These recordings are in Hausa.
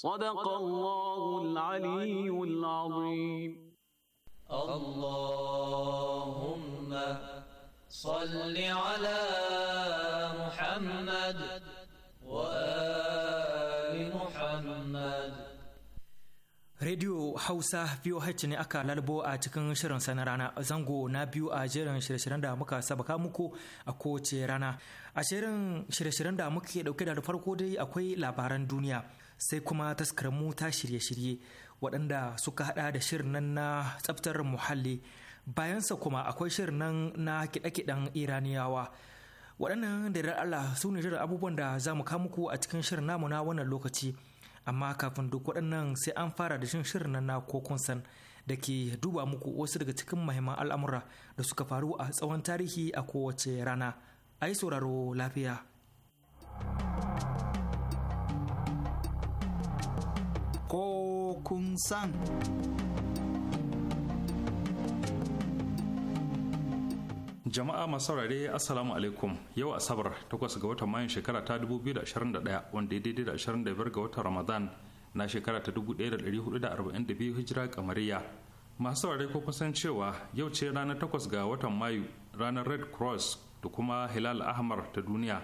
صدق الله العلي العظيم اللهم صل على محمد وآل محمد Radio Hausa VOH ne aka lalbo a cikin shirin sa na rana zango na biyu a jerin shirye-shiryen da muka sabaka muku a kowace rana. A shirin shirye-shiryen da muke dauke da farko dai akwai labaran duniya. sai kuma taskarar mota ta shirye-shirye waɗanda suka hada da shirin nan na tsaftar muhalli bayansa kuma akwai shirin nan na kiɗe-kiɗen iraniyawa waɗannan da Allah su ne jira abubuwan da za mu muku a cikin shirin namu na wannan lokaci amma kafin duk waɗannan sai an fara da shin shirin nan na kokon san da ke duba muku wasu daga cikin mahimman al'amura da suka faru a tsawon tarihi a kowace rana ai sauraro lafiya. kun san. jama'a masu saurare assalamu alaikum yau asabar 8 ga watan mayun shekara ta 2021 wanda ya daidai da 25 ga watan ramadan na shekara ta 1442 hijira kamariya masu saurare ko kusan cewa yau ce ranar 8 ga watan mayu ranar red cross da kuma hilal ahmar ta duniya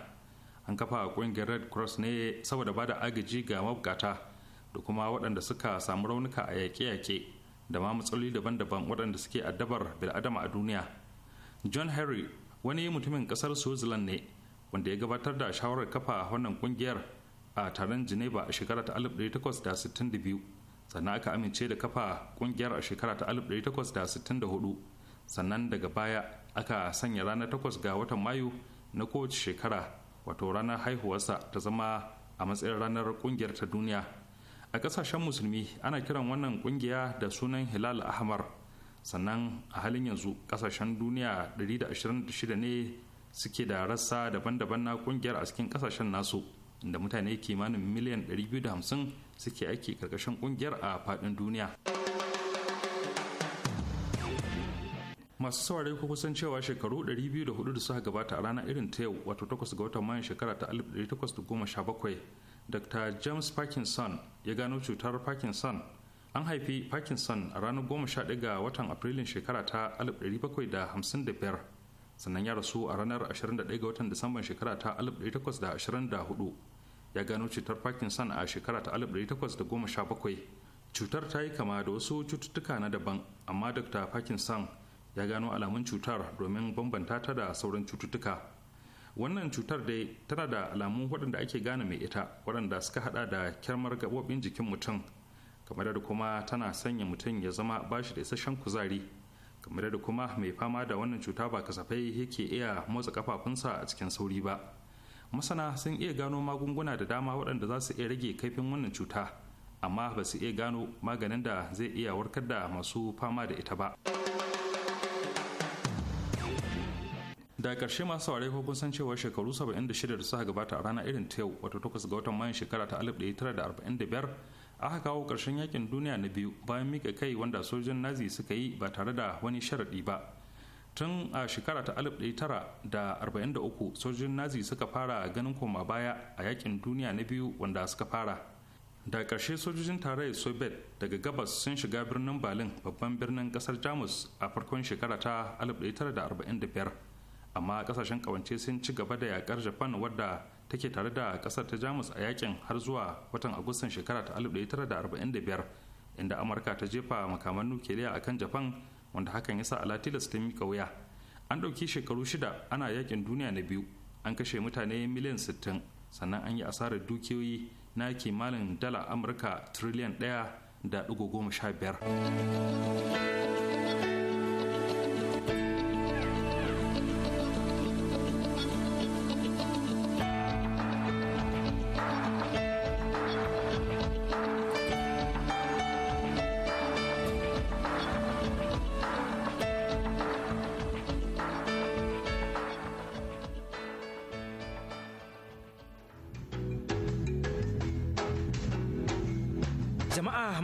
an kafa kungiyar red cross ne saboda bada agaji ga mabukata da kuma waɗanda suka samu raunuka a yaƙe-yaƙe da ma matsaloli daban-daban waɗanda suke addabar bil'adama a duniya john henry wani mutumin ƙasar switzerland ne wanda ya gabatar da shawarar kafa wannan ƙungiyar a taron geneva a shekara ta 1862 sannan aka amince da kafa ƙungiyar a shekara ta 1864 sannan daga baya aka sanya ranar 8 ga watan mayu na kowace shekara wato ranar haihuwarsa ta zama a matsayin ranar ƙungiyar ta duniya a kasashen musulmi ana kiran wannan kungiya da sunan hilal ahmar sannan a halin yanzu kasashen duniya 126 ne suke da rassa daban-daban na kungiyar a cikin kasashen nasu inda mutane kimanin miliyan 250 suke aiki karkashin kungiyar a faɗin duniya masu saurare ko kusan cewa shekaru 204 da suka gabata a ranar irin ta yau wato 8 ga watan mayan shekara ta 1817 dr james parkinson ya gano cutar parkinson an haifi parkinson a ranar 11 ga watan afrilun shekara ta 1755 sannan ya rasu a ranar 21 ga watan disamban shekara ta 1824 ya gano cutar parkinson a shekara ta 1817 cutar ta yi kama da wasu cututtuka na daban amma dr parkinson ya gano alamun cutar domin bambanta ta da sauran cututtuka wannan cutar dai tana da alamun waɗanda ake gane mai ita waɗanda suka hada da kyarmar gaɓoɓin jikin mutum kamar da kuma tana sanya mutum ya zama bashi da isasshen kuzari kamar da kuma mai fama da wannan cuta ba kasafai yake iya motsa kafafunsa a cikin sauri ba masana sun iya gano magunguna da dama waɗanda za su iya rage kaifin wannan cuta amma ba su iya gano maganin da zai iya warkar da masu fama da ita ba. da karshe masu saurari ko kun san cewa shekaru 76 da suka gabata a rana irin ta yau wato takwas ga watan mayan shekara ta 1945 aka kawo ƙarshen yakin duniya na biyu bayan mika kai wanda sojojin nazi suka yi ba tare da wani sharaɗi ba tun a shekara ta 1943 sojojin nazi suka fara ganin koma baya a yakin duniya na biyu wanda suka fara da karshe sojojin tarayyar soviet daga gabas sun shiga birnin berlin babban birnin kasar jamus a farkon shekara ta 1945 amma kasashen kawance sun ci gaba da yakar japan wadda take tare da kasar ta jamus a yakin har zuwa watan agustan shekara ta 1945 inda amurka ta jefa makaman nukiliya a kan japan wanda hakan yasa sa alatilas ta mika wuya an ɗauki shekaru shida ana yakin duniya na biyu an kashe mutane miliyan 60 sannan an yi asarar dukiyoyi na kimanin dala amurka triliyan ɗaya da ɗigo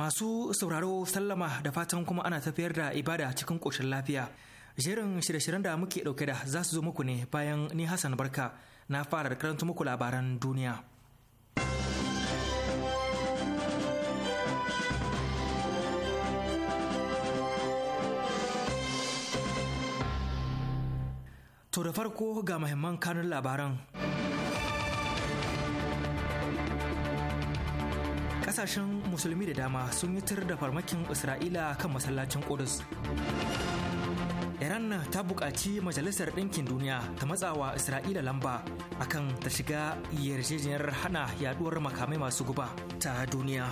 Masu sauraro sallama da fatan kuma ana tafiyar da ibada cikin ƙoshin lafiya. Jerin shirye-shiryen da muke ɗauke da za su zo muku ne bayan ni Hassan Barka na fara da karanta muku labaran duniya. To da farko ga mahimman kanun labaran. kasashen musulmi da dama sun yi tar da farmakin isra'ila kan masallacin kudus iran ta buƙaci majalisar ɗinkin duniya ta matsawa isra'ila lamba akan ta shiga yarjejeniyar hana yaduwar makamai masu guba ta duniya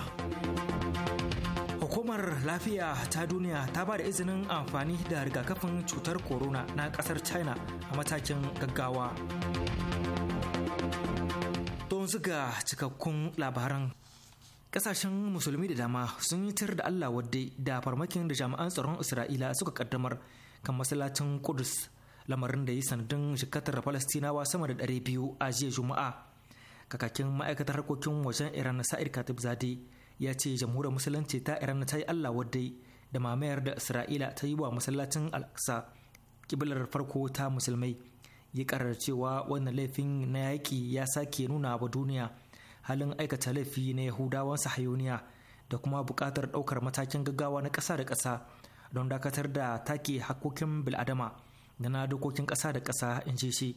hukumar lafiya ta duniya ta ba da izinin amfani da rigakafin cutar corona na ƙasar china a matakin gaggawa don ziga cikakkun labaran kasashen musulmi da dama sun yi tir da allah wadda da farmakin da jami'an tsaron isra'ila suka kaddamar kan masallacin kudus lamarin da yi sanadin shikatar falastinawa sama da 200 a jiya juma'a kakakin ma'aikatar harkokin wajen iran sa'id katib zade ya ce jamhuriyar musulunci ta iran ta yi allah wadda da mamayar da isra'ila ta yi wa masallacin al'aqsa kiblar farko ta musulmai ya karar cewa wannan laifin na yaƙi ya sake nuna wa duniya halin aikata laifi na yahudawan sahayoniya da kuma buƙatar ɗaukar matakin gaggawa na ƙasa da ƙasa don dakatar da take hakokin bil'adama da na dokokin ƙasa da ƙasa in ce shi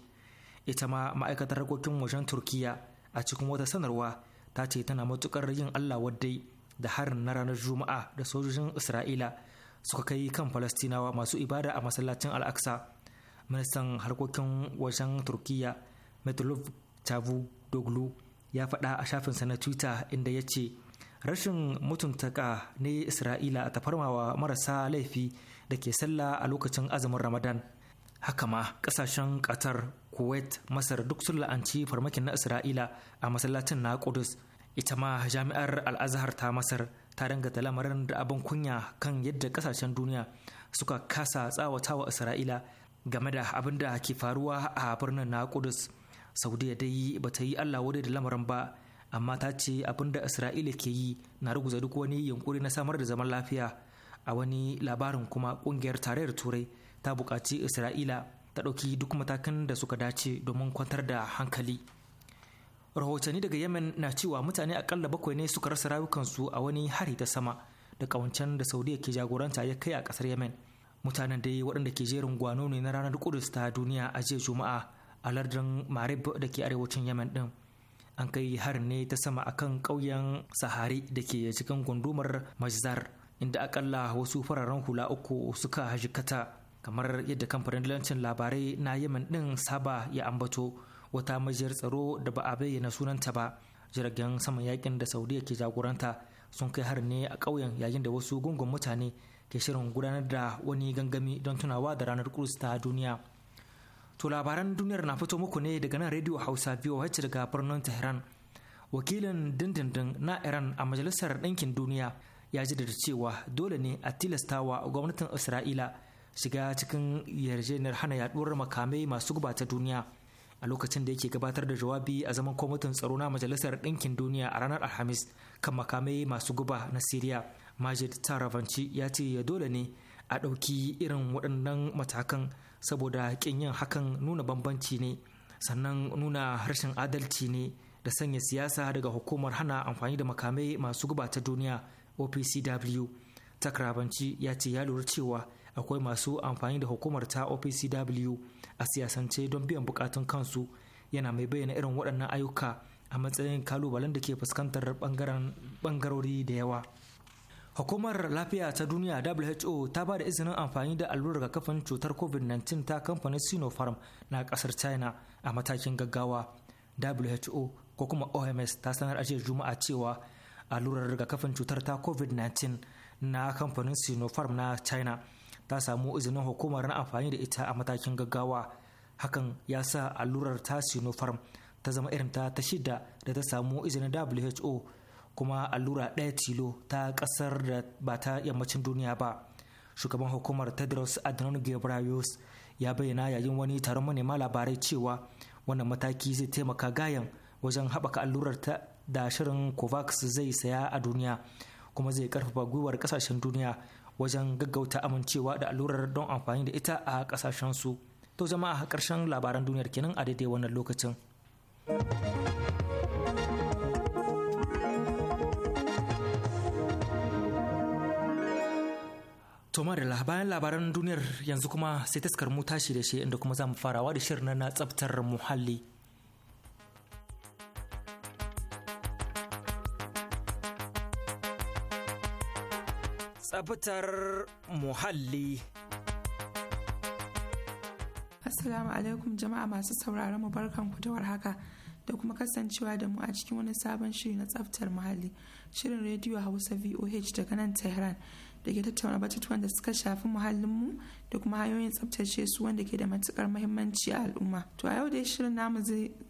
ita ma ma'aikatar harkokin wajen turkiya a cikin wata sanarwa ta ce tana matukar yin allah waddai da harin na ranar juma'a da sojojin isra'ila suka kai kan falastinawa masu ibada a masallacin al'aksa ministan harkokin wajen turkiya metlov doglu ya faɗa a shafinsa na twitter inda ya ce rashin mutuntaka ne isra'ila ta farmawa marasa laifi da ke sallah a lokacin azumin ramadan haka ma ƙasashen qatar kuwait masar duk sun la'anci farmakin na isra'ila a masallacin na kudus ita ma jami'ar al'azhar ta masar ta dangata lamarin da abin kunya kan yadda ƙasashen duniya suka kasa tsawatawa isra'ila game da abin da ke faruwa a birnin na kudus saudiya dai ba ta yi allah wadai da lamarin ba amma ta ce abin da isra'ila ke yi na ruguza duk wani yunkuri na samar da zaman lafiya a wani labarin kuma kungiyar tarayyar turai ta buƙaci isra'ila ta ɗauki duk matakan da suka dace domin kwantar da hankali rahotanni daga yemen na cewa mutane akalla bakwai ne suka rasa rayukansu a wani hari ta sama da kawancen da saudiya ke jagoranta ya kai a kasar yemen mutanen dai waɗanda ke jerin gwano ne na ranar kudus ta duniya a jiya juma'a a lardin marib da ke arewacin yemen din an kai har ne ta sama akan ƙauyen sahari da ke cikin gundumar majzar inda akalla wasu fararen hula uku suka jikata kamar yadda kamfanin lancin labarai na yemen din saba ya ambato wata majiyar tsaro da ba a bayyana sunanta ba jiragen saman yakin da saudiya ke jagoranta sun kai har ne a ƙauyen yayin da wasu gungun mutane ke shirin gudanar da wani gangami don tunawa da ranar kurus duniya To labaran duniyar na fito muku ne daga nan Radio Hausa biyu VOH daga birnin Tehran. Wakilin dindindin na Iran a Majalisar Ɗinkin Duniya ya ji da cewa dole ne a tilastawa gwamnatin Isra'ila shiga cikin yarjejeniyar hana yaduwar makamai masu guba ta duniya. A lokacin da yake gabatar da jawabi a zaman kwamitin tsaro na Majalisar Ɗinkin Duniya a ranar Alhamis kan makamai masu guba na Siriya, Majid Taravanci ya ce ya dole ne a ɗauki irin waɗannan matakan saboda ƙin yin hakan nuna bambanci ne sannan nuna rashin adalci ne da sanya siyasa daga hukumar hana amfani da makamai masu guba ta duniya opcw takarabanci ya ce ya lura cewa akwai masu amfani da hukumar ta opcw a siyasance don biyan bukatun kansu yana mai bayyana irin waɗannan ayyuka a matsayin kalubalen da ke fuskantar bangarori da yawa Hukumar lafiya ta duniya WHO ta ba da izinin amfani da allurar kafin cutar COVID-19 ta kamfanin Sinopharm na kasar China a matakin gaggawa. WHO ko kuma OMS ta sanar a jiya Juma'a cewa allurar rigakafin cutar ta COVID-19 na kamfanin Sinopharm na China ta samu izinin hukumar na amfani da ita a matakin gaggawa. Hakan ya sa allurar ta Sinopharm ta zama irin ta ta shida da ta samu izinin WHO kuma allura ɗaya tilo ta ƙasar da ba ta yammacin duniya ba shugaban hukumar tedros adhanom ghebreyesus ya bayyana yayin wani taron manema labarai cewa wannan mataki zai taimaka gayan wajen haɓaka allurar ta da shirin covax zai saya a duniya kuma zai ƙarfafa gwiwar ƙasashen duniya wajen gaggauta amincewa da allurar don amfani da ita a kasashen su to jama'a a ƙarshen labaran duniyar kenan a daidai wannan lokacin To da bayan labaran duniyar yanzu kuma sai taskar mu tashi da shi inda kuma za mu farawa da shirin na tsabtar muhalli. Tsabtar muhalli. Assalamu alaikum jama'a masu sauraron mu ku da warhaka. da kuma kasancewa da mu a cikin wani sabon shiri na tsaftar muhalli shirin rediyo hausa voh daga nan tehran da ke tattauna batutuwan da suka shafi muhallinmu da kuma hanyoyin tsabtace su wanda ke da matukar muhimmanci a al'umma. To a yau dai shirin namu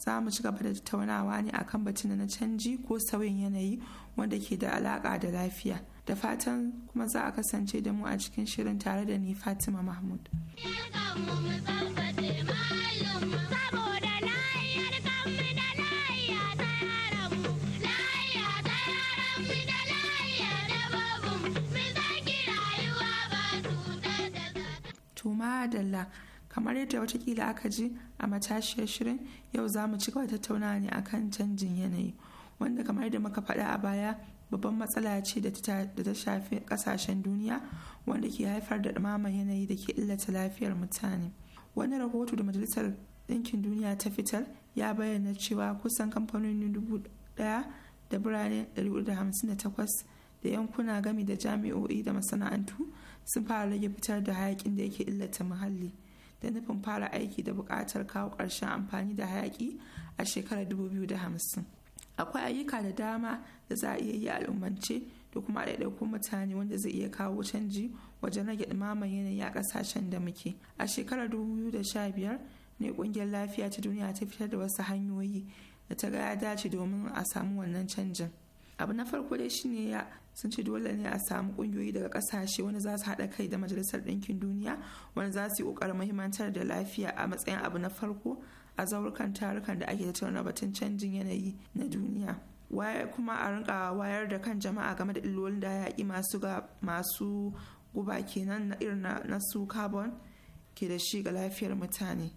za mu ci gaba da tattaunawa ne akan batun na canji ko sauyin yanayi wanda ke da alaka da lafiya. Da fatan kuma za a kasance da mu a cikin shirin tare da ni Fatima Mahmud. madalla kamar yadda watakila aka ji a matashiyar shirin yau za mu ci gaba tattaunawa ne akan canjin yanayi wanda kamar yadda muka faɗa a baya babban matsala ce da ta shafi ƙasashen duniya wanda ke haifar da ɗumaman yanayi da ke illata lafiyar mutane wani rahoto da majalisar ɗinkin duniya ta fitar ya bayyana cewa kusan kamfanoni dubu ɗaya da birane 158 da yankuna gami da jami'o'i da masana'antu sun fara rage fitar da hayakin da yake illata muhalli da nufin fara aiki da buƙatar kawo ƙarshen amfani da hayaki a shekarar 2050 akwai ayyuka da dama da za a iya yi al'ummance da kuma a ɗaiɗaikun mutane wanda zai iya kawo canji wajen rage ɗumaman yanayi a ƙasashen da muke a shekarar 2015 ne ƙungiyar lafiya ta duniya ta fitar da wasu hanyoyi da ta ga ya dace domin a samu wannan canjin abu na farko dai shine ya sun ce dole ne a samu kungiyoyi daga kasashe wani za su haɗa kai da majalisar ɗinkin duniya wani za su yi ƙoƙarin mahimmantar da lafiya a matsayin abu na farko a zaurukan tarukan da ake tattauna batun canjin yanayi na duniya kuma a rinka wayar da kan jama'a game da illolin da yaƙi masu ga masu guba kenan na irin na su carbon ke da shi ga lafiyar mutane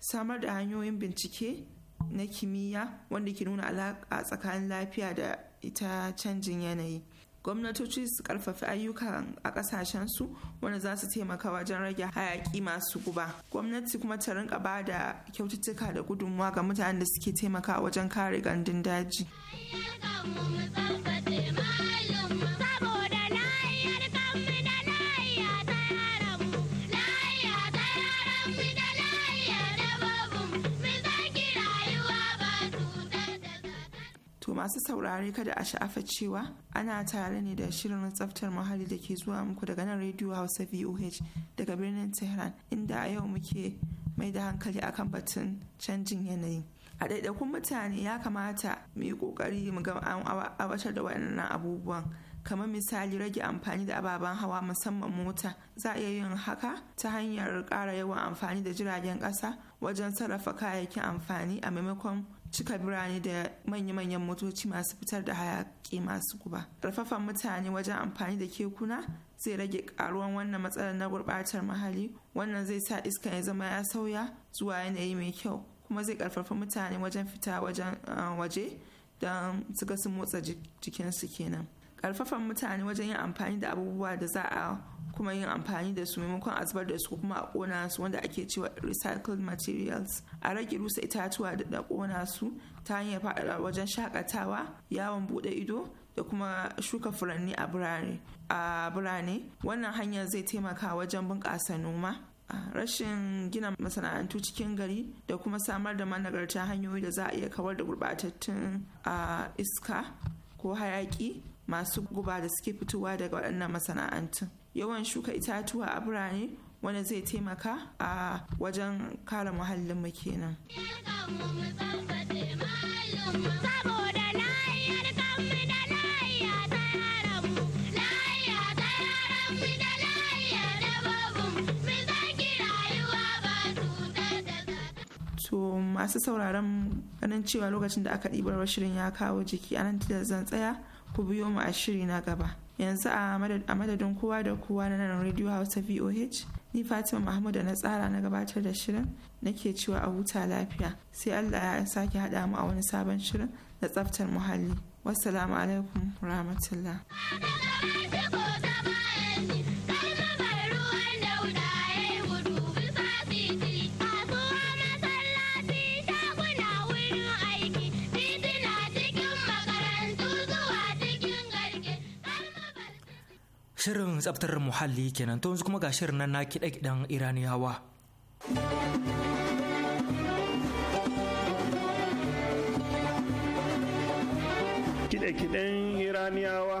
samar da hanyoyin bincike na kimiyya wanda ke nuna alaƙa tsakanin lafiya da ita canjin yanayi gwamnatoci su karfafi ayyukan a kasashen su wanda za su taimaka wajen rage hayaki masu guba gwamnati kuma ta rinka ba da kyaututtuka da gudunmuwa ga mutanen da suke taimaka wajen kare gandun daji. masu saurare kada a sha'afa cewa ana tare ne da shirin tsaftar muhalli da ke zuwa muku daga nan rediyo hausa voh daga birnin tehran inda a yau muke mai da hankali akan batun canjin yanayi a ɗaiɗaikun mutane ya kamata mu yi ƙoƙari mu ga an awatar da waɗannan abubuwan kamar misali rage amfani da ababen hawa musamman mota za a iya yin haka ta hanyar ƙara yawan amfani da jiragen ƙasa wajen sarrafa kayayyakin amfani a maimakon cika birane da manya-manyan motoci masu fitar da hayaki masu guba rafafan mutane wajen amfani da kekuna zai rage karuwan wannan matsalar na gurbatar muhalli wannan zai sa iska ya zama ya sauya zuwa yanayi mai kyau kuma zai karfafa mutane wajen fita eh, waje don su ga su motsa jikinsu kenan karfafan mutane wajen yin amfani da abubuwa da za a kuma yin amfani da su maimakon a zubar da su kuma a kona su wanda ake cewa recycled materials a rage rusa itatuwa da kona su ta hanyar faɗaɗa wajen shakatawa yawon buɗe ido da kuma shuka furanni a birane a birane wannan hanyar zai taimaka wajen bunƙasa noma rashin gina masana'antu cikin gari da kuma samar da managartan hanyoyi da za a iya kawar da gurɓatattun iska ko hayaƙi masu guba da suke fitowa daga waɗannan masana'antun yawan shuka itatuwa a birane wanda zai taimaka a wajen kare muhallin muhallinmu kenan. to masu sauraron ganin cewa lokacin da aka ɗibar shirin ya kawo jiki anan da zan tsaya ku biyo mu a shiri na gaba yanzu a madadin kowa da kowa na nan radio hausa voh ni fatima mahmud na tsara na gabatar da shirin nake cewa a huta lafiya sai allah ya sake haɗa mu a wani sabon shirin na tsaftar muhalli wassalamu alaikum rahmatullah Shirin tsaftar muhalli kenan to yanzu kuma ga shirin nan na kiɗe-kiɗen Iraniyawa. Kiɗe-kiɗen Iraniyawa.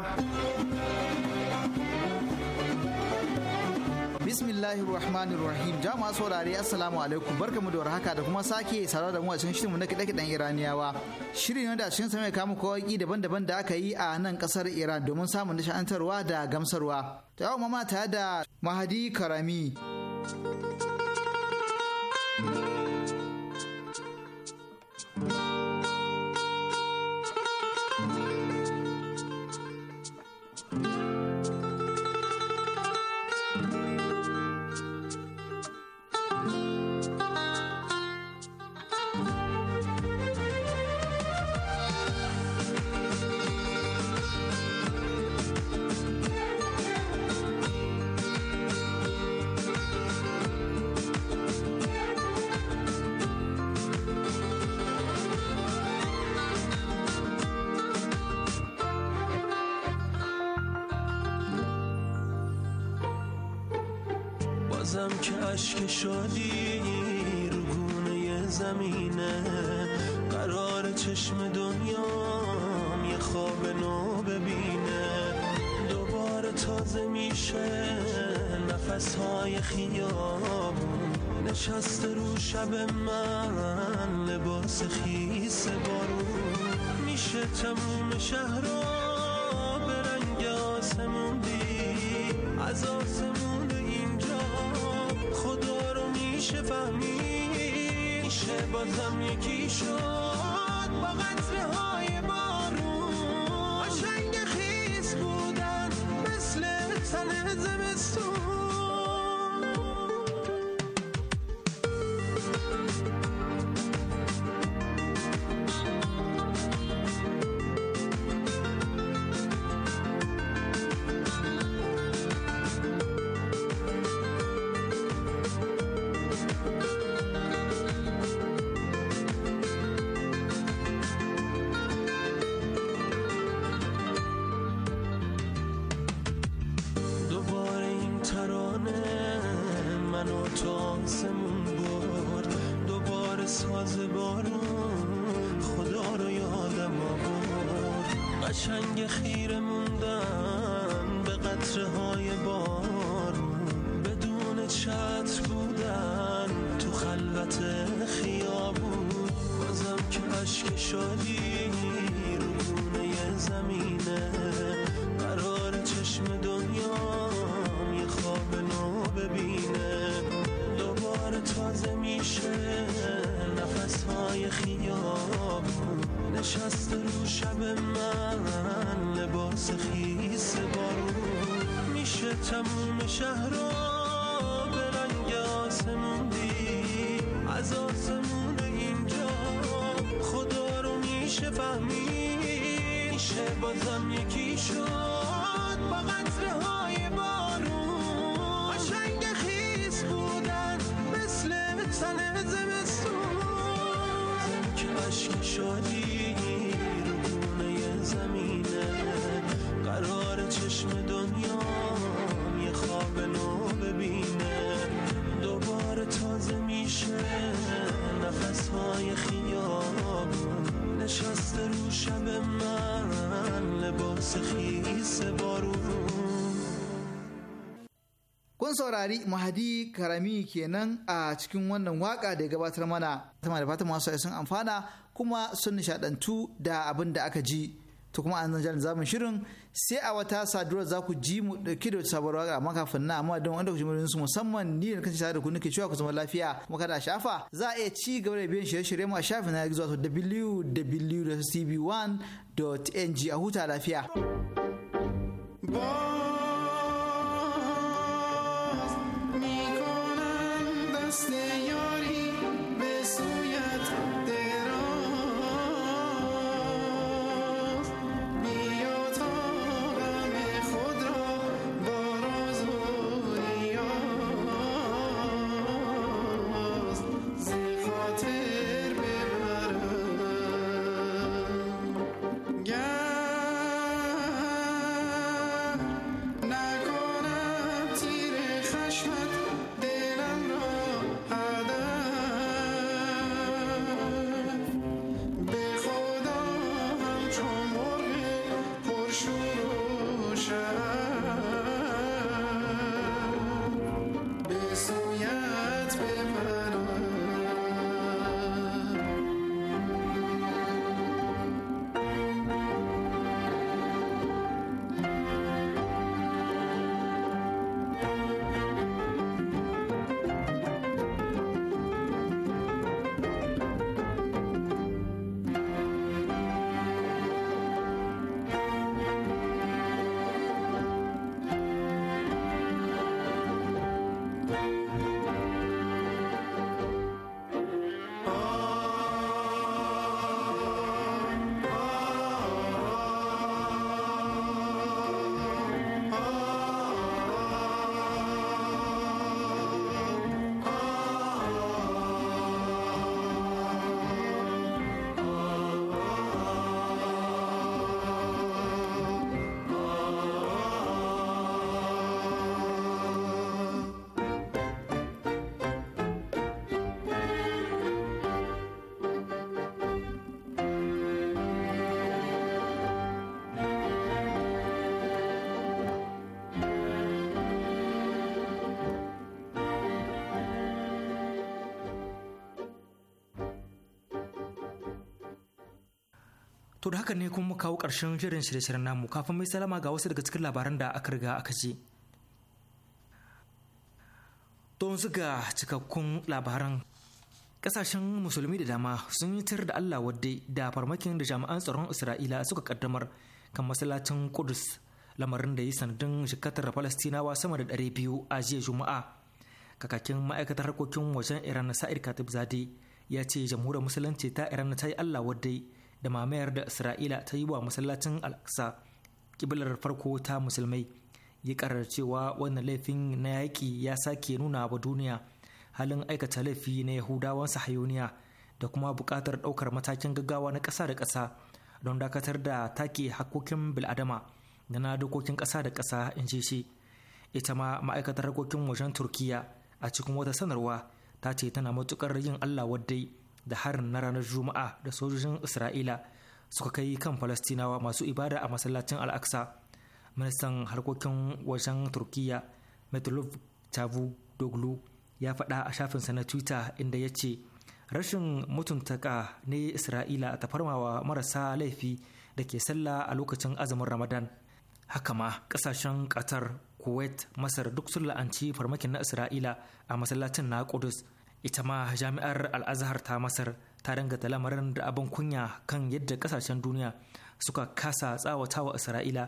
bismillahir rahmanir rahim jama'a saurare assalamu alaikum barkamu da warhaka da kuma sake sarar da mu a cikin shirinmu na kidan iraniyawa shirin wanda cikin sa mai kama kawaki daban-daban da aka yi a nan kasar iran domin samun nishantarwa da gamsarwa ta yau mama da mahadi karami بازم که عشق شادی زمینه قرار چشم دنیا یه خواب نو ببینه دوباره تازه میشه نفس های خیابون نشسته رو شب من لباس خیس بارون میشه تموم شهر به رنگ آسمون دی از آسمون بازم یکی شد با قطره های بارون میشه نفس های خیابون نشست رو شب من لباس خیس بارون میشه تموم شهر رو به رنگ آسمون از آسمون اینجا خدا رو میشه فهمید میشه بازم یکی شد Acho kun saurari mahadi karami kenan a cikin wannan waka da ya gabatar mana tama da fatan masu sun amfana kuma sun nishadantu da abin da aka ji to kuma an zan zamun shirin sai a wata saduwar za ku ji mu dauke da sabuwar waka amma kafin na amma don wanda ku ji su musamman ni da kan da ku nake cewa ku zama lafiya kuma kada shafa za a iya ci gaba da biyan shirye-shirye mu a shafin na gizo wato wwwcb 1ng a huta lafiya. Bye. da haka ne kuma kawo ƙarshen shirin shirye-shiryen namu kafin mai salama ga wasu daga cikin labaran da aka riga aka ji. Don ga cikakkun labaran Ƙasashen musulmi da dama sun yi tir da Allah wadde da farmakin da jami'an tsaron Isra'ila suka kaddamar kan masallacin Kudus lamarin da yi sanadin shikatar Falastinawa sama da ɗari biyu a jiya Juma'a. Kakakin ma'aikatar harkokin wajen Iran Sa'id Katib Zade ya ce jamhuriyar musulunci ta Iran ta yi Allah wadde da mamayar da isra'ila ta yi wa masallacin al'aqsa kibilar farko ta musulmai ya karar cewa wannan laifin na yaƙi ya sake nuna wa duniya halin aikata laifi na yahudawan sahayoniya da kuma buƙatar ɗaukar matakin gaggawa na ƙasa da ƙasa don dakatar da take hakkokin bil'adama da na dokokin ƙasa da ƙasa in ce shi ita ma ma'aikatar harkokin wajen turkiya a cikin wata sanarwa ta ce tana matuƙar yin allah waddai da harin na ranar juma'a da sojojin isra'ila suka kai kan falastinawa masu ibada a masallacin al'aksa ministan harkokin wajen turkiya metlov dogulu ya faɗa a shafinsa na twitter inda ya ce rashin mutuntaka ne isra'ila ta farmawa marasa laifi da ke sallah a lokacin azumin ramadan haka ma kasashen qatar kuwait masar duk sun la'anci farmakin na isra'ila a masallacin na kudus ita ma jami'ar al'azhar ta masar ta dangata lamarin da abin kunya kan yadda kasashen duniya suka kasa tsawatawa isra'ila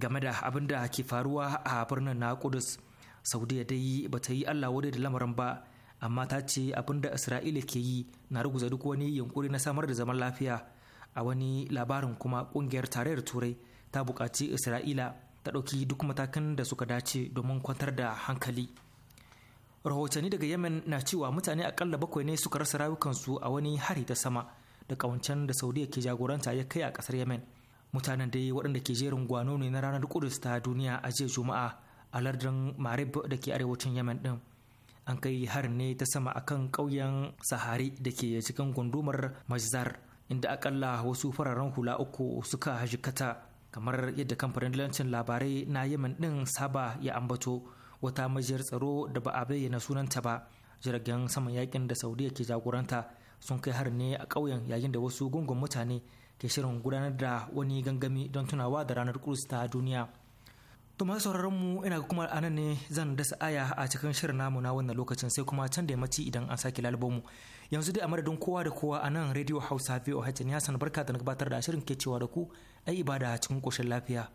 game da abin da ke faruwa a birnin na kudus saudiya dai ba ta yi allah wadai da lamarin ba amma ta ce abin da isra'ila ke yi na ruguza duk wani yunkuri na samar da zaman lafiya a wani labarin kuma kungiyar tarayyar turai ta bukaci isra'ila ta ɗauki duk matakan da suka dace domin kwantar da hankali rahotanni daga yemen na cewa mutane akalla bakwai ne suka rasa rayukansu a wani hari ta sama da kawancen da saudiya ke jagoranta ya kai a kasar yemen mutanen dai waɗanda ke jerin gwano ne na ranar kudus ta duniya a jiya juma'a a lardin marib da ke arewacin yemen din an kai harin ne ta sama akan ƙauyen sahari da ke cikin gundumar majzar inda akalla wasu fararen hula uku suka jikata kamar yadda kamfanin lancin labarai na yemen din saba ya ambato wata majiyar tsaro da ba a bayyana sunanta ba jiragen saman yakin da saudiya ke jagoranta sun kai har ne a ƙauyen yayin da wasu gungun mutane ke shirin gudanar da wani gangami don tunawa da ranar kurus ta duniya to masu sauraron mu ina kuma a nan ne zan dasa aya a cikin shirin namu na wannan lokacin sai kuma can da yammaci idan an sake mu yanzu dai a madadin kowa da kowa a nan radio hausa voh ne hassan barka da gabatar da shirin ke cewa da ku ai ibada cikin koshin lafiya